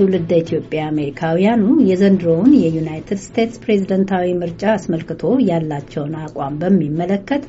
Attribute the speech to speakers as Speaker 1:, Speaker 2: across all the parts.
Speaker 1: ትውልደ ኢትዮጵያ አሜሪካውያኑ የዘንድሮውን የዩናይትድ ስቴትስ ፕሬዝደንታዊ ምርጫ አስመልክቶ ያላቸውን አቋም በሚመለከት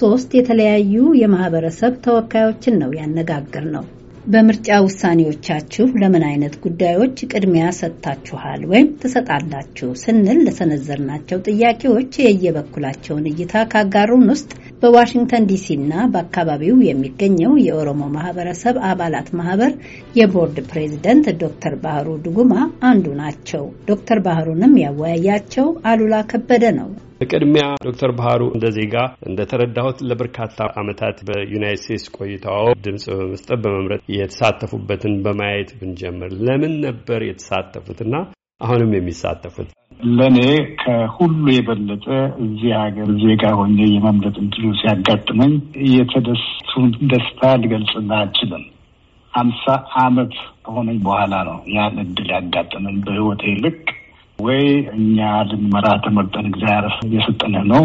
Speaker 1: ሶስት የተለያዩ የማህበረሰብ ተወካዮችን ነው ያነጋግር ነው። በምርጫ ውሳኔዎቻችሁ ለምን አይነት ጉዳዮች ቅድሚያ ሰጥታችኋል ወይም ትሰጣላችሁ ስንል ለሰነዘርናቸው ጥያቄዎች የየበኩላቸውን እይታ ካጋሩን ውስጥ በዋሽንግተን ዲሲ እና በአካባቢው የሚገኘው የኦሮሞ ማህበረሰብ አባላት ማህበር የቦርድ ፕሬዝደንት ዶክተር ባህሩ ድጉማ አንዱ ናቸው። ዶክተር ባህሩንም ያወያያቸው አሉላ ከበደ ነው።
Speaker 2: በቅድሚያ ዶክተር ባህሩ እንደ ዜጋ እንደተረዳሁት ለበርካታ ዓመታት በዩናይት ስቴትስ ቆይታው ድምፅ በመስጠት በመምረጥ የተሳተፉበትን በማየት ብንጀምር ለምን ነበር የተሳተፉትና አሁንም የሚሳተፉት?
Speaker 1: ለእኔ ከሁሉ የበለጠ እዚህ ሀገር ዜጋ ሆኜ የመምረጥ እድሉ ሲያጋጥመኝ የተደሱን ደስታ ልገልጽልህ አልችልም። አምሳ አመት ከሆነኝ በኋላ ነው ያን እድል ያጋጥመኝ በህይወቴ ልክ ወይ እኛ ልንመራ ተመርጠን እግዚአብሔር እየሰጠነ ነው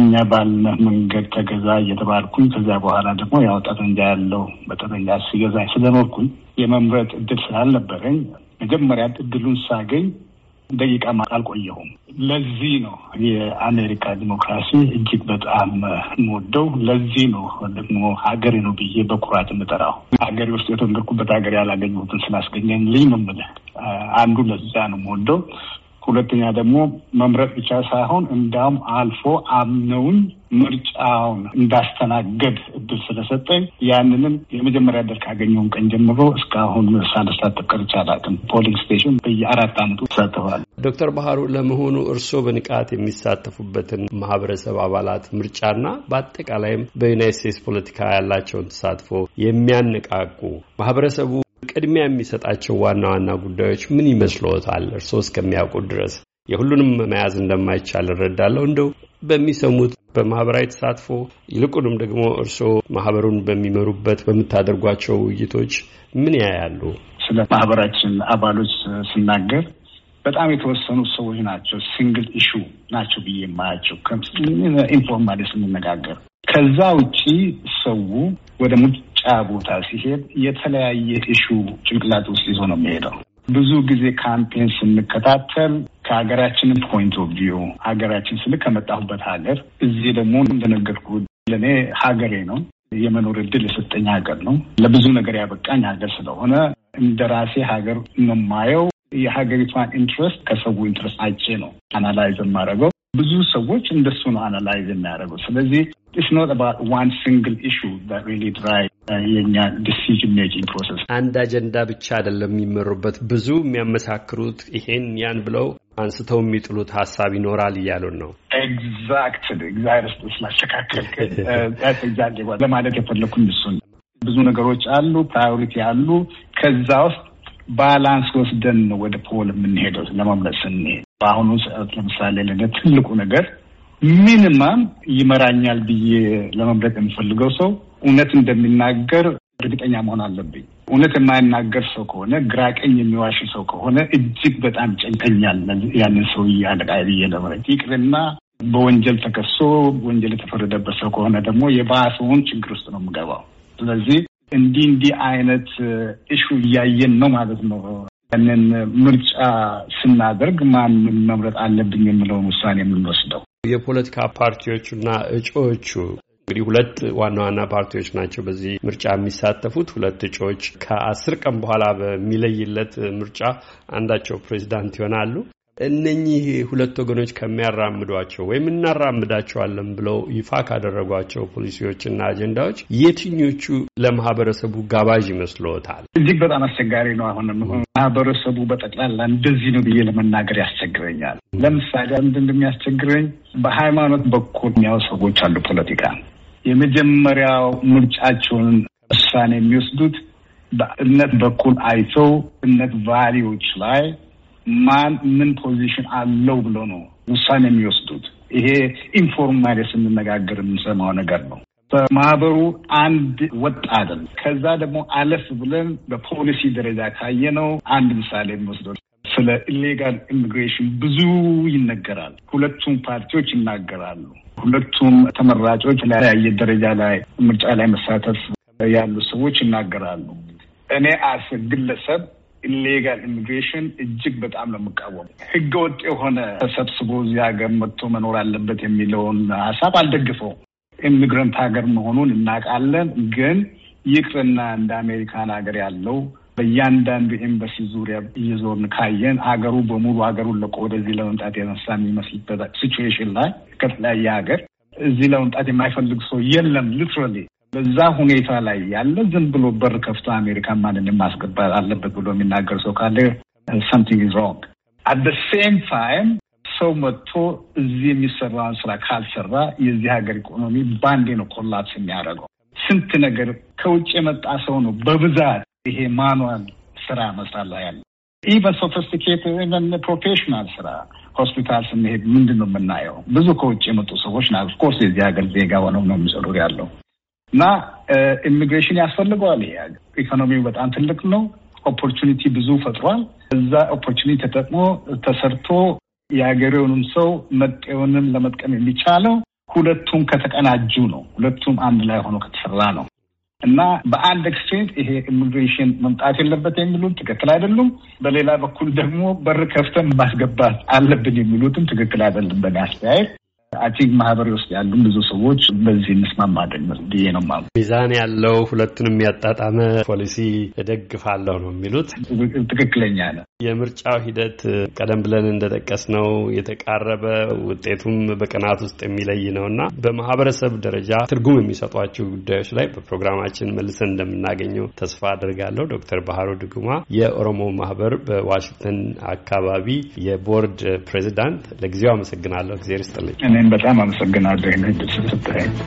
Speaker 1: እኛ ባለ መንገድ ተገዛ እየተባልኩኝ ከዚያ በኋላ ደግሞ ያው ጠመንጃ ያለው በጠመንጃ ሲገዛኝ ስለኖርኩኝ የመምረጥ እድል ስላልነበረኝ መጀመሪያ እድሉን ሳገኝ ደቂቃ አልቆየሁም። ለዚህ ነው የአሜሪካ ዲሞክራሲ እጅግ በጣም የምወደው። ለዚህ ነው ደግሞ ሀገሬ ነው ብዬ በኩራት የምጠራው። ሀገሬ ውስጥ የተወለድኩበት ሀገር ያላገኘሁትን ስላስገኘን ልኝ ነው የምልህ። አንዱ ለዛ ነው የምወደው። ሁለተኛ ደግሞ መምረጥ ብቻ ሳይሆን እንዳውም አልፎ አምነውን ምርጫውን እንዳስተናገድ እድል ስለሰጠኝ ያንንም የመጀመሪያ ደር ካገኘውን ቀን ጀምሮ እስካሁን ሳልሳተፍ አላውቅም። ፖሊንግ ስቴሽን በየአራት ዓመቱ ተሳተፋል።
Speaker 2: ዶክተር ባህሩ ለመሆኑ እርስዎ በንቃት የሚሳተፉበትን ማህበረሰብ አባላት ምርጫና በአጠቃላይም በዩናይት ስቴትስ ፖለቲካ ያላቸውን ተሳትፎ የሚያነቃቁ ማህበረሰቡ ቅድሚያ የሚሰጣቸው ዋና ዋና ጉዳዮች ምን ይመስልዎታል? እርስዎ እስከሚያውቁት ድረስ የሁሉንም መያዝ እንደማይቻል እረዳለሁ። እንደው በሚሰሙት በማህበራዊ ተሳትፎ ይልቁንም ደግሞ እርስዎ ማህበሩን በሚመሩበት በምታደርጓቸው ውይይቶች ምን ያያሉ? ስለ
Speaker 1: ማህበራችን አባሎች ስናገር በጣም የተወሰኑ ሰዎች ናቸው፣ ሲንግል ኢሹ ናቸው ብዬ የማያቸው ኢንፎርማሊ ስንነጋገር። ከዛ ውጪ ሰው ወደ ቦታ ሲሄድ የተለያየ እሹ ጭንቅላት ውስጥ ይዞ ነው የሚሄደው። ብዙ ጊዜ ካምፔን ስንከታተል ከሀገራችንን ፖይንት ኦፍ ቪው ሀገራችን ስል ከመጣሁበት ሀገር እዚህ ደግሞ እንደነገርኩ ለእኔ ሀገሬ ነው የመኖር እድል የሰጠኝ ሀገር ነው። ለብዙ ነገር ያበቃኝ ሀገር ስለሆነ እንደ ራሴ ሀገር ነው የማየው። የሀገሪቷን ኢንትረስት ከሰው ኢንትረስት አይቼ ነው አናላይዝ የማደርገው። ብዙ ሰዎች እንደሱ ነው አናላይዝ የሚያደርጉት። ስለዚህ ኢትስ ኖት ዋን ሲንግል ኢሹ ሪሊ ድራይ የኛ ዲሲዥን ሜኪንግ ፕሮሰስ።
Speaker 2: አንድ አጀንዳ ብቻ አይደለም የሚመሩበት፣ ብዙ የሚያመሳክሩት ይሄን ያን ብለው አንስተው የሚጥሉት ሀሳብ ይኖራል እያሉን ነው።
Speaker 1: uh, ለማለት የፈለግኩ እሱን ብዙ ነገሮች አሉ፣ ፕራዮሪቲ አሉ። ከዛ ውስጥ ባላንስ ወስደን ወደ ፖል የምንሄደው ለመምለስ ስንሄድ በአሁኑ ሰዓት ለምሳሌ ለእኔ ትልቁ ነገር ሚኒማም ይመራኛል ብዬ ለመምረጥ የምፈልገው ሰው እውነት እንደሚናገር እርግጠኛ መሆን አለብኝ። እውነት የማይናገር ሰው ከሆነ ግራ ቀኝ የሚዋሽ ሰው ከሆነ እጅግ በጣም ጨንቀኛል። ያንን ሰው እያለቃ ብዬ ለመረጭ ይቅርና በወንጀል ተከሶ ወንጀል የተፈረደበት ሰው ከሆነ ደግሞ የባሰውን ችግር ውስጥ ነው የምገባው። ስለዚህ እንዲህ እንዲህ አይነት እሹ እያየን ነው ማለት ነው። ያንን ምርጫ ስናደርግ ማንን መምረጥ አለብኝ የምለውን ውሳኔ የምንወስደው
Speaker 2: የፖለቲካ ፓርቲዎቹና እጩዎቹ እንግዲህ ሁለት ዋና ዋና ፓርቲዎች ናቸው በዚህ ምርጫ የሚሳተፉት። ሁለት እጩዎች ከአስር ቀን በኋላ በሚለይለት ምርጫ አንዳቸው ፕሬዚዳንት ይሆናሉ። እነኚህ ሁለት ወገኖች ከሚያራምዷቸው ወይም እናራምዳቸዋለን ብለው ይፋ ካደረጓቸው ፖሊሲዎችና አጀንዳዎች የትኞቹ ለማህበረሰቡ ጋባዥ ይመስልዎታል?
Speaker 1: እጅግ በጣም አስቸጋሪ ነው። አሁንም ማህበረሰቡ በጠቅላላ እንደዚህ ነው ብዬ ለመናገር ያስቸግረኛል። ለምሳሌ አንድ እንደሚያስቸግረኝ በሃይማኖት በኩል የሚያው ሰዎች አሉ። ፖለቲካ የመጀመሪያው ምርጫቸውን ውሳኔ የሚወስዱት በእምነት በኩል አይተው እምነት ቫሊዎች ላይ ማን ምን ፖዚሽን አለው ብሎ ነው ውሳኔ የሚወስዱት። ይሄ ኢንፎርም ማለት ስንነጋገር የምንሰማው ነገር ነው። በማህበሩ አንድ ወጥ አይደለም። ከዛ ደግሞ አለፍ ብለን በፖሊሲ ደረጃ ካየነው አንድ ምሳሌ የሚወስደው ስለ ኢሌጋል ኢሚግሬሽን ብዙ ይነገራል። ሁለቱም ፓርቲዎች ይናገራሉ። ሁለቱም ተመራጮች ለተለያየ ደረጃ ላይ ምርጫ ላይ መሳተፍ ያሉ ሰዎች ይናገራሉ። እኔ አስ ግለሰብ ኢሌጋል ኢሚግሬሽን እጅግ በጣም ነው የምቃወሙ። ህገወጥ የሆነ ተሰብስቦ እዚህ ሀገር መጥቶ መኖር አለበት የሚለውን ሀሳብ አልደግፈውም። ኢሚግረንት ሀገር መሆኑን እናውቃለን። ግን ይቅርና እንደ አሜሪካን ሀገር ያለው በእያንዳንዱ ኤምባሲ ዙሪያ እየዞርን ካየን ሀገሩ በሙሉ ሀገሩን ለቆ ወደዚህ ለመምጣት የነሳ የሚመስልበት ሲትዌሽን ላይ ከተለያየ ሀገር እዚህ ለመምጣት የማይፈልግ ሰው የለም ሊትራሊ በዛ ሁኔታ ላይ ያለ ዝም ብሎ በር ከፍቶ አሜሪካን ማንን ማስገባት አለበት ብሎ የሚናገር ሰው ካለ ሰምቲንግ ኢዝ ሮንግ። አት ደ ሴም ታይም ሰው መጥቶ እዚህ የሚሰራውን ስራ ካልሰራ የዚህ ሀገር ኢኮኖሚ ባንዴ ነው ኮላፕስ የሚያደርገው። ስንት ነገር ከውጭ የመጣ ሰው ነው በብዛት ይሄ ማኗል ስራ መስራት ላይ ያለ ኢቨን ሶፊስቲኬት ፕሮፌሽናል ስራ ሆስፒታል ስንሄድ ምንድን ነው የምናየው? ብዙ ከውጭ የመጡ ሰዎች ና ኦፍኮርስ የዚህ ሀገር ዜጋ ሆነው ነው የሚሰሩ ያለው እና ኢሚግሬሽን ያስፈልገዋል። ይሄ ኢኮኖሚው በጣም ትልቅ ነው። ኦፖርቹኒቲ ብዙ ፈጥሯል። እዛ ኦፖርቹኒቲ ተጠቅሞ ተሰርቶ የሀገሬውንም ሰው መጤውንም ለመጥቀም የሚቻለው ሁለቱም ከተቀናጁ ነው። ሁለቱም አንድ ላይ ሆኖ ከተሰራ ነው እና በአንድ ኤክስቼንጅ ይሄ ኢሚግሬሽን መምጣት የለበት የሚሉት ትክክል አይደሉም። በሌላ በኩል ደግሞ በር ከፍተን ማስገባት አለብን የሚሉትም ትክክል አይደለም በእኔ አስተያየት አይ ቲንክ ማህበር ውስጥ ያሉም ብዙ ሰዎች በዚህ እንስማማለን ብዬ ነው ማ
Speaker 2: ሚዛን ያለው ሁለቱንም ያጣጣመ ፖሊሲ እደግፋለሁ ነው የሚሉት። ትክክለኛ ነው። የምርጫው ሂደት ቀደም ብለን እንደጠቀስነው የተቃረበ ውጤቱም በቀናት ውስጥ የሚለይ ነው እና በማህበረሰብ ደረጃ ትርጉም የሚሰጧቸው ጉዳዮች ላይ በፕሮግራማችን መልሰን እንደምናገኘው ተስፋ አድርጋለሁ። ዶክተር ባህሩ ድጉማ የኦሮሞ ማህበር በዋሽንግተን አካባቢ የቦርድ ፕሬዚዳንት፣ ለጊዜው አመሰግናለሁ። እግዜር ይስጥልኝ።
Speaker 1: እኔም በጣም አመሰግናለሁ ይህን እድል ስለሰጠኸኝ።